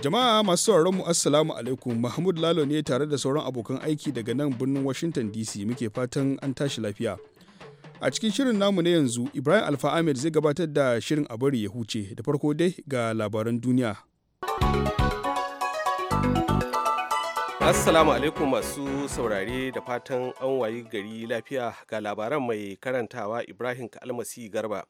Jama'a masu sauraron mu Assalamu alaikum Mahmud Lalo ne tare da sauran abokan aiki daga nan birnin Washington DC muke fatan an tashi lafiya. A cikin shirin namu na yanzu Ibrahim Alfa Ahmed zai gabatar da shirin a bari ya huce da farko dai ga labaran duniya. Assalamu alaikum masu saurare da fatan an wayi gari lafiya ga labaran mai karantawa Ibrahim Kalmasi Garba.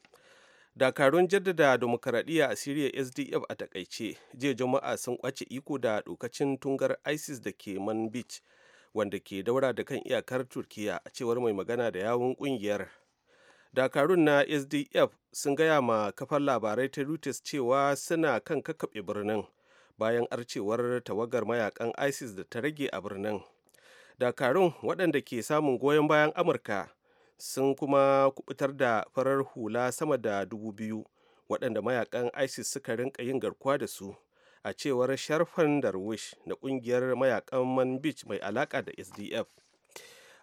dakarun jaddada demokaradiyya a siriya sdf a takaice jiya Juma'a sun kwace iko da dokacin tungar isis da ke man beach wanda ke daura da kan iyakar turkiya a cewar mai magana da yawun kungiyar dakarun na sdf sun gaya ma kafar labarai ta reuters cewa suna kan kakkaɓe birnin bayan arcewar tawagar mayakan isis da ta rage a birnin dakarun waɗanda ke samun goyon bayan amurka sun kuma kubutar da farar hula sama da dubu biyu waɗanda mayakan isis suka rinka yin garkuwa da su a cewar sharfan darwish da ƙungiyar mayakan man mai alaƙa da sdf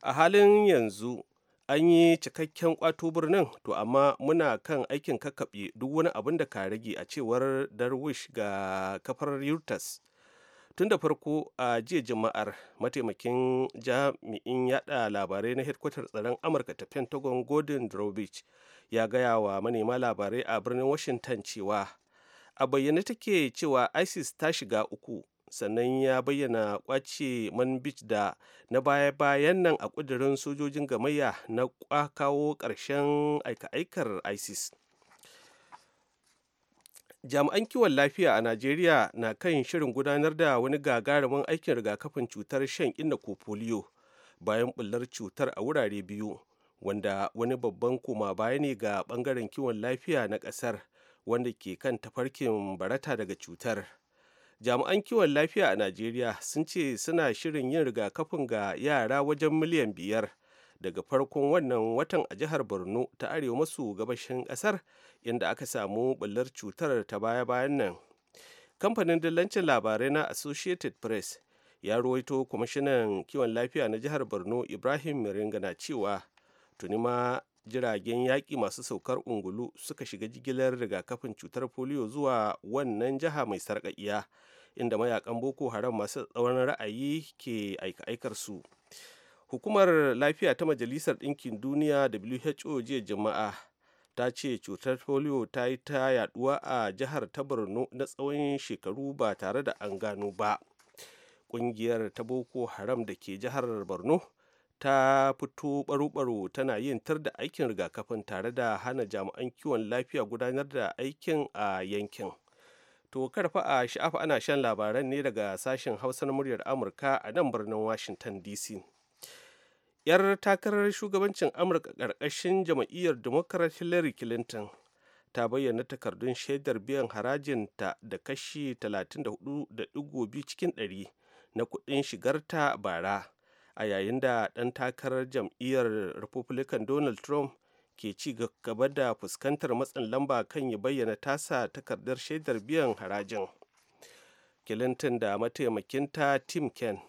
a halin yanzu an yi cikakken kwato birnin to amma muna kan aikin kakkaɓe duk wani abin da ka rage a cewar darwish ga kafar yurtas tun da farko a jiya juma'ar mataimakin jami'in yada labarai na hedkwatar tsaron amurka ta pentagon gordon drobich ya gaya wa manema labarai a birnin washington cewa a bayyane take cewa isis ta shiga uku sannan ya bayyana kwace beach da na baya-bayan nan a kudirin sojojin gamayya na kawo ƙarshen aika-aikar isis jami'an kiwon lafiya a najeriya na kan shirin gudanar da wani gagarumin aikin rigakafin cutar shan inna ko polio bayan bullar cutar a wurare biyu wanda wani babban koma baya ne ga bangaren kiwon lafiya na kasar wanda ke kan tafarkin barata daga cutar jami'an kiwon lafiya a najeriya sun ce suna shirin yin rigakafin ga yara wajen miliyan biyar daga farkon wannan watan a jihar borno ta arewa masu gabashin kasar inda aka samu ɓullar cutar ta baya-bayan nan kamfanin dillancin labarai na associated press ya ruwaito kwamishinan kiwon lafiya na jihar borno ibrahim miringa na cewa tuni ma jiragen yaƙi masu saukar ungulu suka shiga jigilar rigakafin cutar polio zuwa wannan jiha mai sarƙaƙiya inda mayakan boko haram masu tsawon ra'ayi ke aika-aikarsu hukumar lafiya ta majalisar ɗinkin duniya who jiya jama'a ta ce cutar polio ta yi ta yaduwa a jihar ta borno na tsawon shekaru ba tare da an gano ba ƙungiyar ta boko haram da ke jihar borno ta fito baro-baro tana yin tar da aikin rigakafin tare da hana jami'an kiwon lafiya gudanar da aikin a yankin to karfa a sha'afa ana shan labaran ne daga sashen hausa muryar amurka a nan birnin washington dc 'yar takarar shugabancin amurka ƙarƙashin jam'iyyar democrat hillary clinton ta bayyana takardun shaidar biyan harajinta da kashi 34.2 cikin 100 na kuɗin shigarta bara a yayin da ɗan takarar jam'iyyar republican donald trump ke ci gaba da fuskantar matsin lamba kan ya bayyana tasa takardar shaidar biyan harajin clinton da mataimakinta tim ken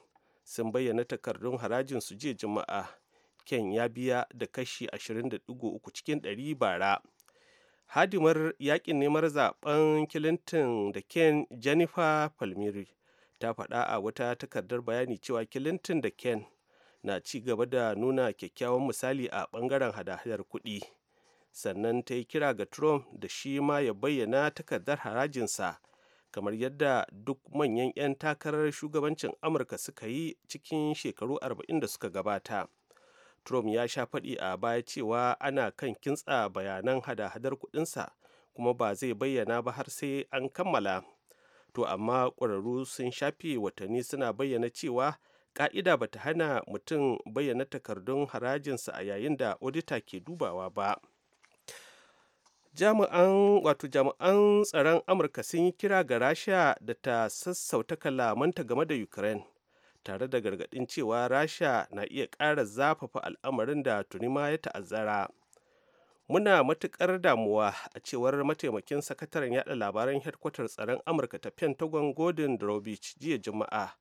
sun bayyana takardun harajin su jiya juma'a ken ya biya da kashi 20.3 cikin 100 bara hadimar yakin neman zaben clinton da ken jennifer palmieri ta faɗa a wata takardar bayani cewa clinton da ken na ci gaba da nuna kyakkyawan misali a ɓangaren hada-hadar kuɗi sannan ta yi kira ga trump da shi ma ya bayyana takardar harajinsa kamar yadda duk manyan 'yan takarar shugabancin amurka suka yi cikin shekaru 40 da suka gabata trump ya sha faɗi a baya cewa ana kan kintsa bayanan hada-hadar kuɗinsa kuma ba zai bayyana ba har sai an kammala to amma ƙwararru sun shafe watanni suna bayyana cewa ƙa'ida ba ta hana mutum bayyana takardun harajinsa a yayin da odita ke dubawa ba. jami'an wato jami'an tsaron amurka sun yi kira ga rasha da ta sassauta kalamanta game da ukraine tare da gargaɗin cewa rasha na iya ƙara zafafa al'amarin da tuni ma ya ta'azzara muna matuƙar damuwa a cewar mataimakin sakataren yada labaran hedkwatar tsaron amurka ta pentagon gordon drobich jiya juma'a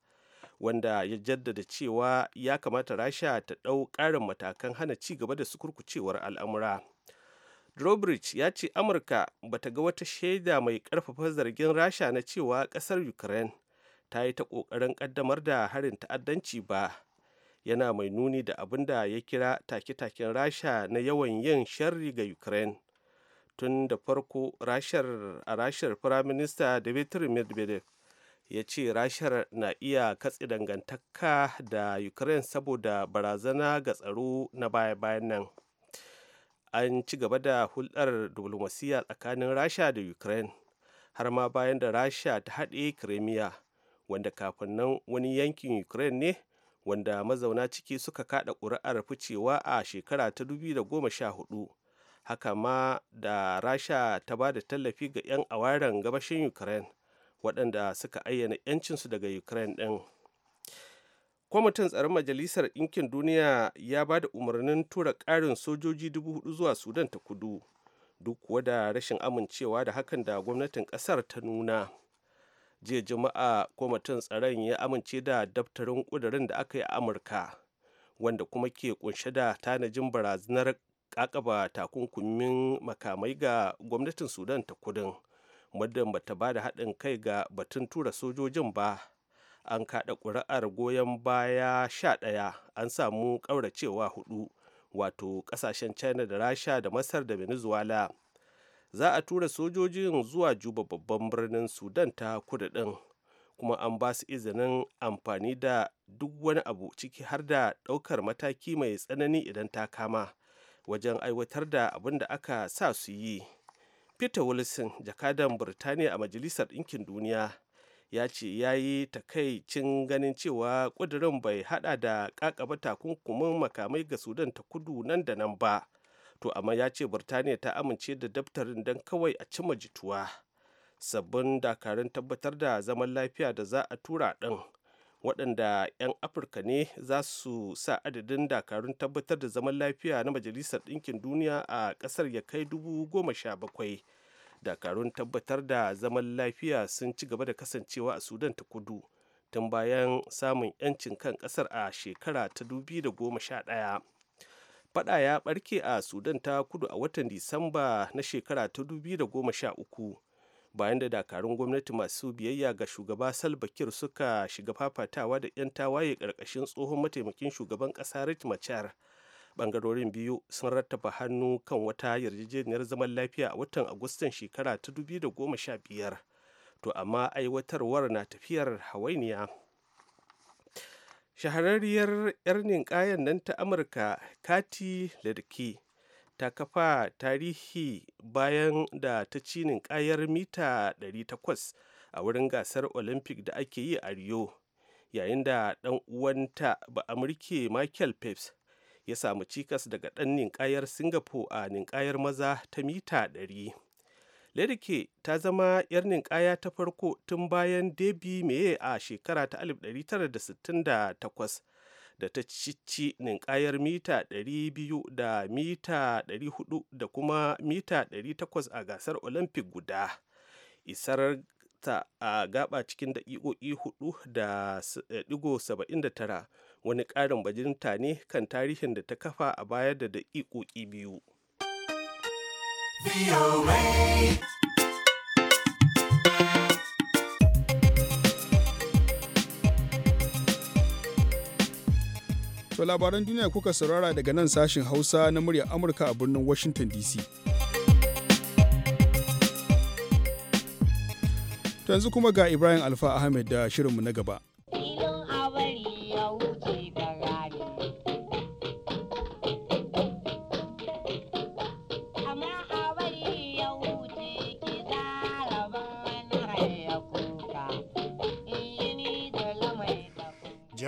wanda ya jaddada cewa ya kamata rasha ta ɗau ƙarin matakan hana ci gaba da sukurkucewar al'amura Drawbridge ya ce Amurka ba ta ga wata shaida mai ƙarfafa zargin Rasha na cewa ƙasar Ukraine ta yi ta ƙoƙarin ƙaddamar da harin ta'addanci ba. Yana mai nuni da abin da ya kira take-taken Rasha na yawan yin sharri ga Ukraine. Tun da farko rashar a rashar Firaminista Dmitry Medvedev ya ce rashar na iya katse dangantaka da Ukraine saboda barazana ga tsaro na baya-bayan nan. an ci gaba da hulɗar diflomasiyya tsakanin rasha da ukraine har ma bayan da rasha ta haɗe kremiya wanda kafin nan wani yankin ukraine ne wanda mazauna ciki suka kada ƙuri'ar ficewa a shekara ta 2014 haka ma da rasha ta ba da tallafi ga 'yan awaren gabashin ukraine waɗanda suka ayyana 'yancinsu daga ukraine ɗin kwamitin tsaron majalisar ɗinkin duniya ya ba da umarnin tura ƙarin sojoji dubu hudu zuwa sudan ta kudu duk kuwa da rashin amincewa da hakan da gwamnatin ƙasar ta nuna jiya juma'a kwamitin tsaron ya amince da daftarin ƙudurin da aka yi a amurka wanda kuma ke kunshe da tanajin barazanar ƙaƙaba takunkumin makamai ga gwamnatin sudan ta kudin muddin bata ba da haɗin kai ga batun tura sojojin ba an kaɗa ƙuri'ar goyon baya sha ɗaya an samu ƙauracewa hudu wato ƙasashen china da rasha da masar da venezuela za a tura sojojin zuwa juba babban birnin sudan ta kudu ɗin kuma an ba su izinin amfani da duk wani abu ciki har da ɗaukar mataki mai tsanani idan ta kama wajen aiwatar da abin da aka sa su yi peter wilson jakadan Burtaniya a majalisar ɗinkin duniya ya ce ya yi takaicin ganin cewa ƙudirin bai hada da ƙaƙaba takunkumin makamai ga sudan ta kudu nan da nan ba to amma ya ce birtaniya ta amince da daftarin don kawai a cima jituwa sabbin dakarun tabbatar da zaman lafiya da za a tura ɗin waɗanda 'yan afirka ne za su sa adadin dakarun tabbatar da zaman lafiya na majalisar ɗinkin duniya a ƙasar ya kai dubu goma sha bakwai dakarun tabbatar da zaman lafiya sun ci gaba da kasancewa a sudan ta kudu tun bayan samun 'yancin kan kasar a shekara ta 2011 fada ya barke a sudan ta kudu a watan disamba na shekara ta uku, bayan da dakarun gwamnati masu biyayya ga shugaba salbakir suka shiga fafatawa da 'yan tawaye karkashin tsohon mataimakin shugaban ƙasa rick bangarorin biyu sun rattaba hannu kan wata yarjejeniyar zaman lafiya a watan agustan shekara ta da goma sha biyar to amma aiwatarwar na tafiyar hawainiya shahararriyar 'yar kayan nan ta amurka kati ladki ta kafa tarihi bayan da ta ci ninƙayar mita 800 a wurin gasar olympic da ake yi a rio yayin da ɗan uwanta ba amurke michael phelps ya samu cikas daga ɗan ninkayar singapore a ninkayar maza ta mita 100 ledike ta zama 'yar ninkaya ta farko tun bayan debi meye a shekara ta 1968 da ta cici ninkayar mita 200 da mita 400 da kuma mita 800 a gasar olympic guda isar ta a gaba cikin daƙiƙoƙi 4 da 79 wani ƙarin bajinta ne kan tarihin da ta kafa a baya da daƙiƙoƙi biyu. To labaran duniya kuka saurara daga nan sashin Hausa na muryar Amurka a birnin Washington DC. To yanzu kuma ga Ibrahim Alfa Ahmed da shirinmu na gaba.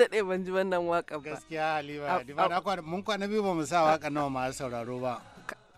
daɗe ban ji wannan waka ba gaskiya halima halima mun kwana biyu ba mu sa waka nawa ma sauraro ba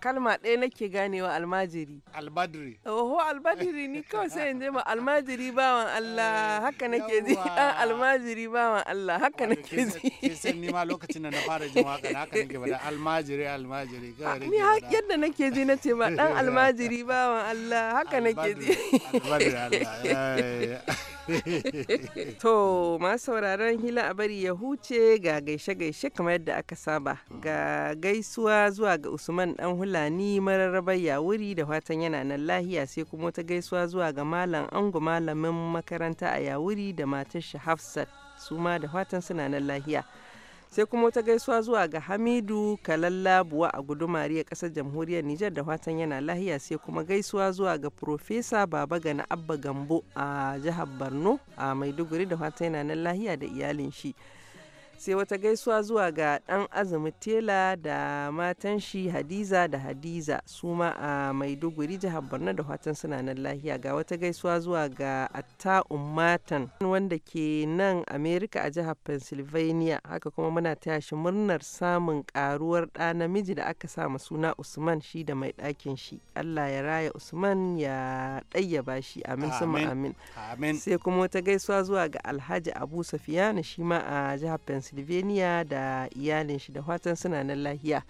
kalma ɗaya nake ganewa almajiri albadiri oho albadiri ni kawai sai in je ma almajiri bawan Allah eh, haka nake ji ah, almajiri bawan Allah haka nake ji ke ni ma lokacin da na fara jin waka haka nake bada almajiri almajiri kawai ni yadda nake ji na ce ma dan almajiri bawan Allah haka nake ji albadiri Allah eh. to masu sauraron hila a bari ya huce ga gaishe-gaishe kamar yadda aka saba ga gaisuwa zuwa ga usman dan hulani mararrabar yawuri da fatan yana nan lahiya sai kuma wata gaisuwa zuwa ga malam ango malamin makaranta a yawuri da matar shi hafsat su da fatan suna nan lahiya sai kuma wata gaisuwa zuwa ga hamidu kalalabuwa a gudu mariya kasar jamhuriyar nijar da watan yana lahiya sai kuma gaisuwa zuwa ga profesa baba gana abba gambo a jihar borno a maiduguri da watan yana nan lahiya da iyalin shi sai wata gaisuwa zuwa ga ɗan azumi tela da matan shi hadiza da hadiza su ma a maiduguri jihar borno da fatan suna nan lahiya ga wata gaisuwa zuwa ga atta ummatan wanda ke nan america a jihar pennsylvania haka kuma muna taya shi murnar samun karuwar ɗa namiji da aka sa suna usman shi da mai ɗakin shi allah ya raya usman ya ɗayyaba shi amin sama amin sai kuma wata gaisuwa zuwa ga alhaji abu safiyana shi ma a jihar pennsylvania pennsylvania da iyalin shi da fatan suna nan lahiya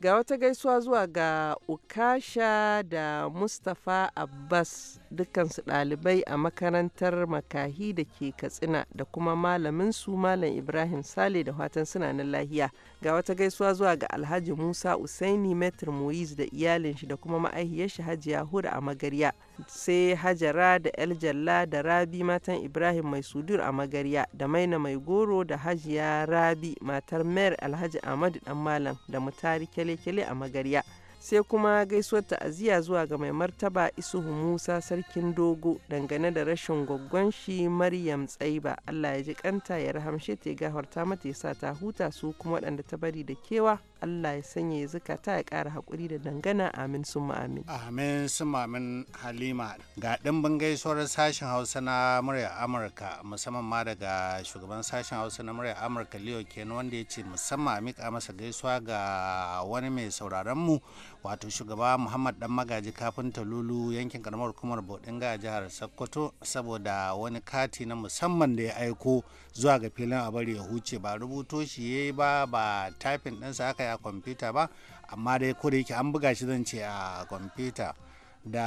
ga wata gaisuwa zuwa ga ukasha da mustapha abbas dukkansu ɗalibai a makarantar makahi da ke katsina da kuma malamin su malam ibrahim sale da fatan suna nan lahiya ga wata gaisuwa zuwa ga alhaji musa usaini metr moiz da iyalin shi da kuma ma'ahiyar shi hajiya hura a magarya sai hajara da el jalla da rabi matan ibrahim mai sudur a magarya da maina mai goro da hajiya rabi matar mayar alhaji ahmadu dan malam da mutari kyale-kyale a magarya sai kuma gaisuwar ta'aziyya zuwa ga mai martaba isuhu musa sarkin dogo dangane da rashin gwaggon shi maryam tsaiba allah ya ji kanta ya rahamshe ta gafarta mata ya sa ta huta su kuma waɗanda ta bari da kewa Allah ya sanya ya zukata ya kara hakuri da dangana amin sun amin. Amin sun amin Halima ga ɗimbin gaisuwar sashen Hausa na murya Amurka musamman ma daga shugaban sashen Hausa na murya Amurka Leo Ken wanda ya ce musamman a mika masa gaisuwa ga wani mai sauraron mu wato shugaba muhammad dan magaji kafin lulu yankin karamar hukumar bodinga a jihar sokoto saboda wani kati na musamman da ya aiko zuwa ga filin a bari ya huce ba rubuto shi ya yi ba ba tafin ɗinsa aka yi a kwamfuta ba amma dai ko yake an buga shi zan ce a kwamfuta da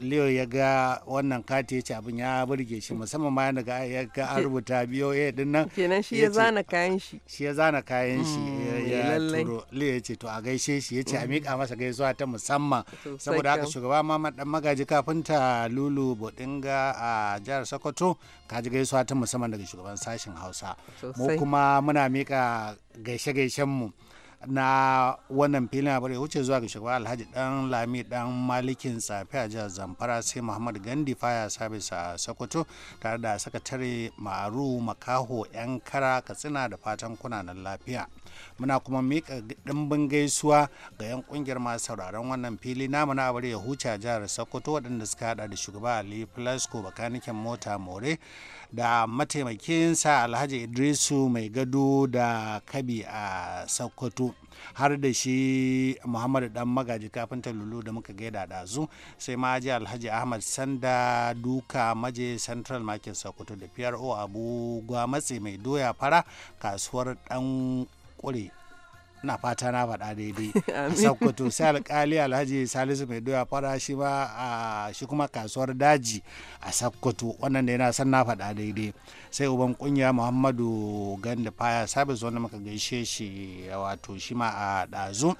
leo ya ga wannan kati ya ce abin ya burge shi musamman ma ga ya ga an rubuta ya din nan kenan shi ya zana kayan shi shi ya zana kayan shi mm, ya turo leo ya ce to a gaishe shi ya ce a mm. miƙa masa gaisuwa ta musamman saboda haka shugaba ma madan magaji kafinta lulu bodinga a jihar sokoto ka ji gaisuwa ta musamman daga shugaban sashen hausa mu kuma muna miƙa gaishe-gaishen mu na wannan filin bari ya wuce zuwa ga shugaba alhaji dan lami dan malikin tsafi a jihar zamfara sai muhammad gandi faya sabis a sokoto tare da sakatare maru makaho yan kara katsina da fatan kunanan lafiya muna kuma mika dimbin gaisuwa ga yan kungiyar masu sauraron wannan fili namu na bari ya huce a jihar sokoto waɗanda suka hada da shugaba ali plasco bakaniken mota more da mataimakinsa alhaji idrisu mai gado da kabi a sokoto har da shi muhammadu dan magaji kafinta lulu da muka gaida zu sai ma ji alhaji ahmad sanda duka maje central market sokoto da pro abu gwamatsi mai doya fara kasuwar dan kure na fata na faɗa daidai sakkwato sai alkali alhaji salisu mai doya fara shi ma a shi kuma kasuwar daji a sakkwato wannan da yana san na faɗa daidai sai uban kunya muhammadu ganda faya sabis wanda muka gaishe shi wato shi ma a ɗazu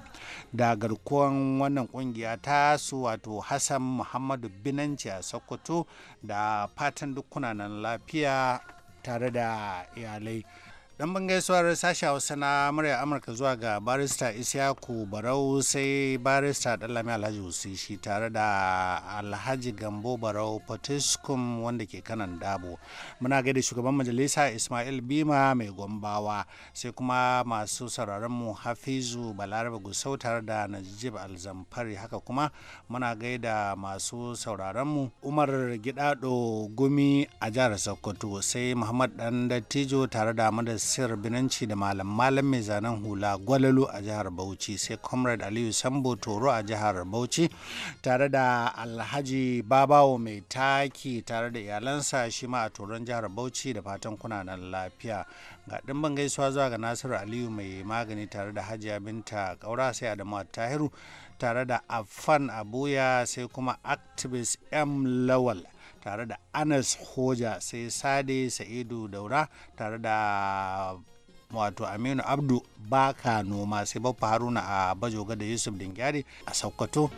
da garkuwan wannan kungiya ta su wato hassan muhammadu binanci a sakkwato da fatan duk nan lafiya tare da iyalai dan ban gaisuwar sashi hausa na murya amurka zuwa ga barista isyaku barau sai barista dalami alhaji shi tare da alhaji gambo barau potiskum wanda ke kanan dabo muna gaida shugaban majalisa ismail bima mai gombawa sai kuma masu mu hafizu balarabe gusau tare da najib alzamfari haka kuma muna gaida masu mu umar gidado gumi a jihar sokoto sai muhammad dan dattijo tare da madas siyar binanci da malam malam mai zanen hula gwalalo a jihar bauchi sai comrade aliyu sambo toro a jihar bauchi tare da alhaji babawo mai taki tare da iyalansa shi ma a toron jihar bauchi da fatan kuna nan lafiya ga ɗimbin gaisuwa zuwa ga nasiru aliyu mai magani tare da hajiya binta kaura sai adamu tahiru tare da afan abuya sai kuma activist m lawal tare da anas hoja sai sade sa'idu daura tare da wato aminu abdu baka noma sai baffa haruna a bajoga da yusuf dingyari a sokoto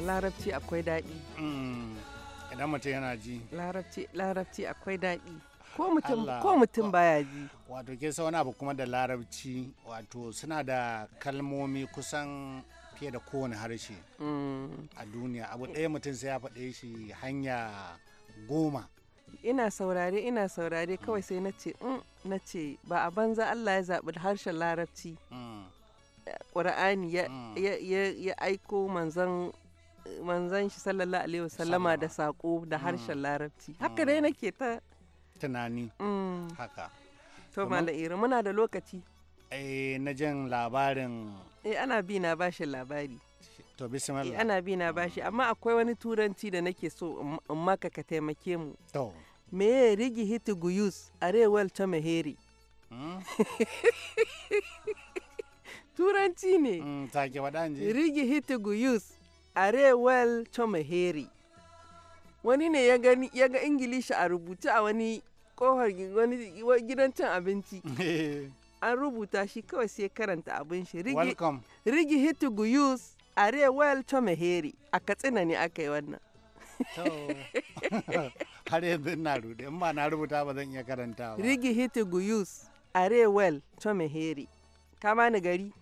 larabci akwai daɗi mm. idan mutum yana ji larabci larabci akwai daɗi ko mutum ko mutum baya ji wato ke wani abu kuma da larabci wato suna da kalmomi kusan fiye da kowane harshe mm. a duniya abu ɗaya mutum sai ya faɗe shi hanya goma ina saurare ina saurare kawai sai na ce mm, na ce ba a banza Allah ya zaɓi harshen larabci Ƙura'ani ya aiko manzan manzan shi sallallahu alaihi wasallama da sako da mm. harshen larabci haka mm. dai nake ta tunani mm. haka to mala'ira muna da lokaci eh na jin labarin eh ana bi na bashi labari to bismillah eh ana bi na bashi amma akwai wani turanci da nake so in maka ka taimake mu to me rigi hitu guyus arewal ta maheri turanci ne rigi hitu guyus Arewel Chomoheri. Wani ne ya gani ya ga Ingilishi a rubuce a wani kohar gidan cin abinci. An rubuta shi kawai sai karanta abin shi. Rigi Hitu Guyus Arewel Chomoheri a Katsina ne aka yi wannan. har yanzu na rude in ba na rubuta ba zan iya karanta ba rigi hiti guyus arewel chomeheri kama ni gari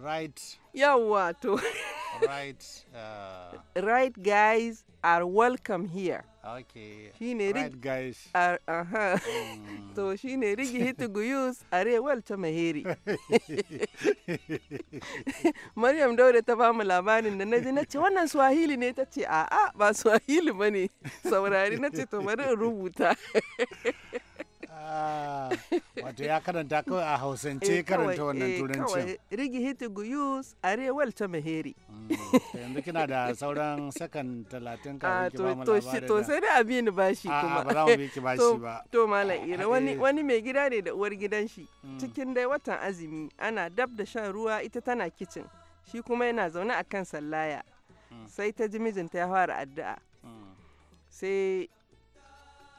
right yawwa to right uh, right guys are welcome here okay shine right guys are uh -huh. mm. to shine rigi hitu guyus are welcome maheri Maryam Daure ta bamu labarin da naji nace wannan Swahili ne tace a'a ba Swahili ne saurari na ce to bari in rubuta Ah, wato ya karanta kawai a hausance eh, karanta wannan eh, turancin rigi hiti guyus arewal ta maheri mm, yanzu kina da sauran sakan talatin kafin ah, labarin to sai da abin bashi kuma ba za mu biki ba to malam ira wani eh. wani mai gida ne da uwar gidan shi mm. cikin dai watan azumi ana dab da shan ruwa ita tana kicin shi kuma yana zaune a kan sallaya mm. sai ta ji mijinta ya fara addu'a sai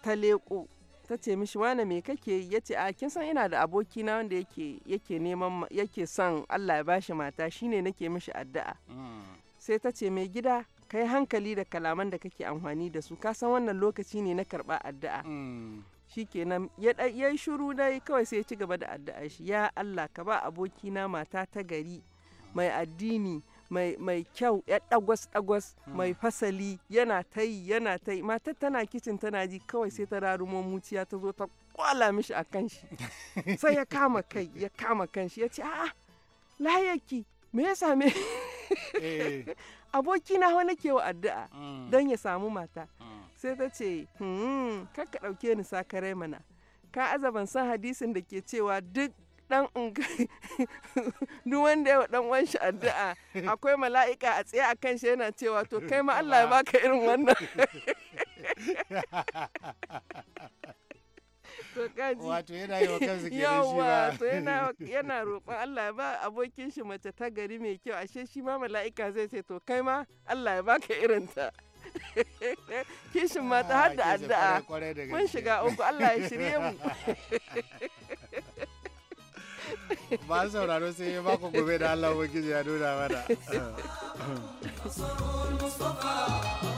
ta leƙo ta ce mishi wane me kake yi ya ce a kin san ina da aboki na wanda yake neman yake son Allah ya bashi mata shine nake mishi addu'a mm. sai ta ce mai gida kai hankali da kalaman da kake amfani da su ka san wannan lokaci ne na karba addu'a mm. shikenan ya ya shiru dai kawai sai ya ci gaba da addu'a shi ya Allah ka ba abokina mata ta gari mm. mai addini mai kyau ya dagwas dagwas hmm. mai fasali yana ta yi yana ta yi matar tana kicin tana ji kawai sai ta rarumo muciya ta zo ta kwala mishi a kan shi sai ya kama kai ya kama kan shi ya ce a'a layaki me ya same aboki na wani ke wa addu'a hmm. don ya samu mata hmm. sai ta ce kakka ɗauke ni sakarai mana ka azaban san hadisin da ke cewa duk dan duk wanda ya dan shi addu'a akwai mala'ika a tsaye akan shi yana cewa to kai ma Allah ya baka irin wannan wato yana yi wa kansu kenan shi ba to yana yana roƙon Allah ya ba abokin shi mace ta gari mai kyau ashe shi ma mala'ika zai ce to kai ma Allah ya baka irin ta kishin mata har da ah, addu'a mun shiga uku Allah ya shirye mu ba sauraro sai ya mako gobe da Allah wakil ya nuna mana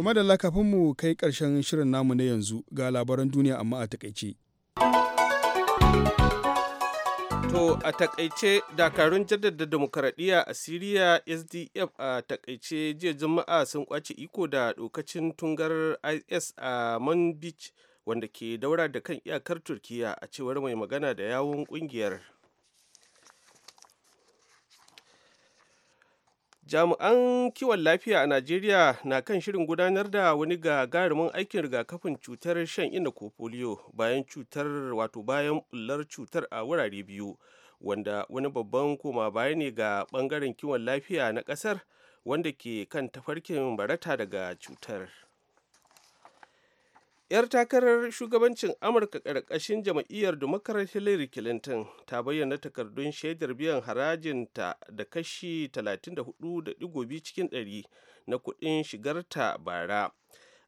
To madalla kafin mu kai karshen shirin namu na yanzu ga labaran duniya amma a takaice. To a takaice dakarun jaddada demokaradiyya a Siriya SDF a takaice jiya Juma'a sun kwace iko da dokacin tungar IS a Manbij wanda ke daura da kan iyakar Turkiya a cewar mai magana da yawun kungiyar. jami'an kiwon lafiya a najeriya na kan shirin gudanar da wani gagarumin aikin rigakafin cutar shan ina ko polio bayan cutar wato bayan bullar cutar a wurare biyu wanda wani babban koma baya ne ga bangaren kiwon lafiya na kasar wanda ke kan tafarkin barata daga cutar. 'Yar takarar shugabancin Amurka ƙarƙashin jam'iyyar dumakarar Hillary Clinton ta bayyana takardun shaidar biyan harajinta da kashi 34.2 cikin 100 na kuɗin shigarta bara.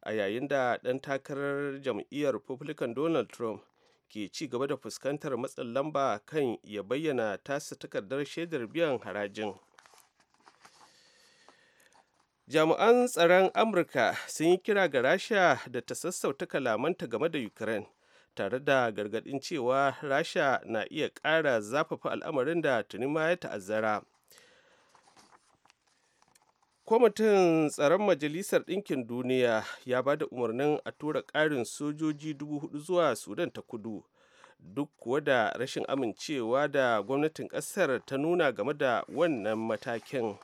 A yayin da ɗan takarar jam'iyyar Republican Donald Trump ke ci gaba da fuskantar matsin lamba kan ya bayyana tasa takardar shaidar biyan harajin. jami'an tsaron amurka sun yi kira ga rasha da ta sassauta kalamanta game da ukraine tare da gargadin cewa rasha na iya ƙara zafafa al'amarin da tuni ma ya ta'azzara kwamitin tsaron majalisar ɗinkin duniya ya ba da umarnin a tura ƙarin sojoji dubu hudu zuwa sudan ta kudu duk kuwa da rashin amincewa da gwamnatin ƙasar ta nuna game da wannan matakin.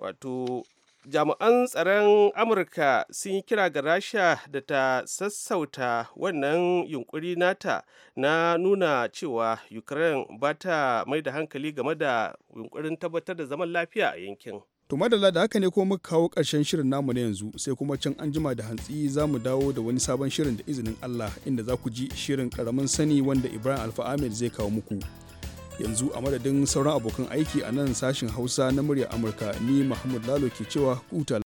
wato jami'an tsaron amurka sun yi kira ga rasha da ta sassauta wannan yunkuri nata na nuna cewa ukraine ba ta mai da hankali game da yunkurin tabbatar da zaman lafiya a yankin to madalla da haka ne ko muka kawo ƙarshen shirin namu na yanzu sai kuma can an jima da hantsi za mu dawo da wani sabon shirin da izinin allah inda za ku ji shirin ƙaramin sani wanda ibrahim alfa zai kawo muku yanzu a madadin sauran abokan aiki a nan sashin hausa na murya amurka ni mahmud lalo ke cewa kuta